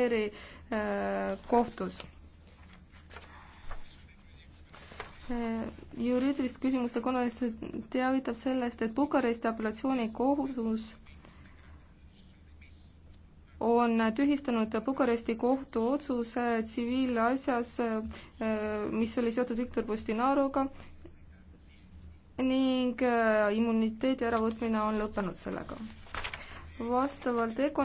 Strasbourgi äh, kohtus. Äh, juriidiliste küsimuste konverents teavitab sellest, et Bukaresti apellatsioonikohus on tühistanud Bukaresti kohtu otsuse tsiviilasjas, äh, mis oli seotud Viktor Postinaruga ning immuniteedi äravõtmine on lõppenud sellega. vastavalt EKO